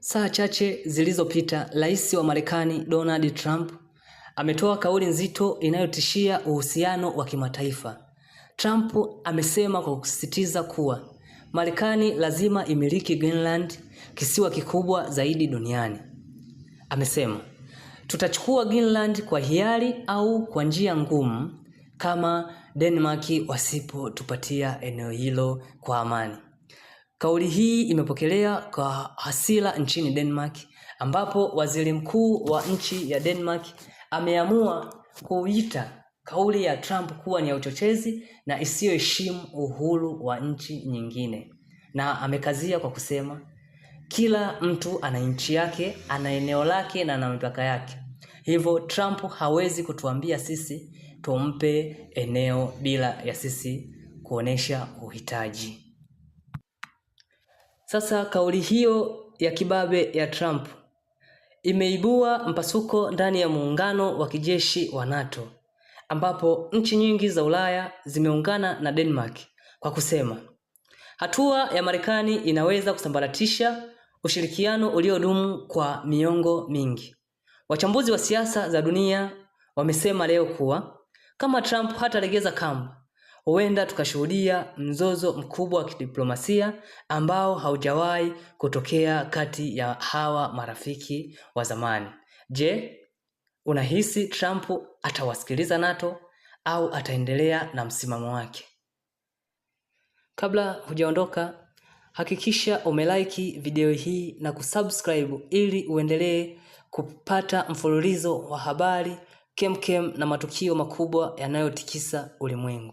Saa chache zilizopita, Rais wa Marekani Donald Trump ametoa kauli nzito inayotishia uhusiano wa kimataifa. Trump amesema kwa kusisitiza kuwa Marekani lazima imiliki Greenland, kisiwa kikubwa zaidi duniani. Amesema, tutachukua Greenland kwa hiari au kwa njia ngumu kama Denmark wasipotupatia eneo hilo kwa amani. Kauli hii imepokelea kwa hasira nchini Denmark, ambapo waziri mkuu wa nchi ya Denmark ameamua kuita kauli ya Trump kuwa ni ya uchochezi na isiyoheshimu uhuru wa nchi nyingine, na amekazia kwa kusema kila mtu ana nchi yake, ana eneo lake na ana mipaka yake. Hivyo Trump hawezi kutuambia sisi tumpe eneo bila ya sisi kuonesha uhitaji. Sasa kauli hiyo ya kibabe ya Trump imeibua mpasuko ndani ya muungano wa kijeshi wa NATO ambapo nchi nyingi za Ulaya zimeungana na Denmark kwa kusema hatua ya Marekani inaweza kusambaratisha ushirikiano uliodumu kwa miongo mingi. Wachambuzi wa siasa za dunia wamesema leo kuwa kama Trump hatalegeza kamba, huenda tukashuhudia mzozo mkubwa wa kidiplomasia ambao haujawahi kutokea kati ya hawa marafiki wa zamani. Je, unahisi Trump atawasikiliza NATO au ataendelea na msimamo wake? Kabla hujaondoka, hakikisha umelike video hii na kusubscribe ili uendelee kupata mfululizo wa habari kemkem na matukio makubwa yanayotikisa ulimwengu.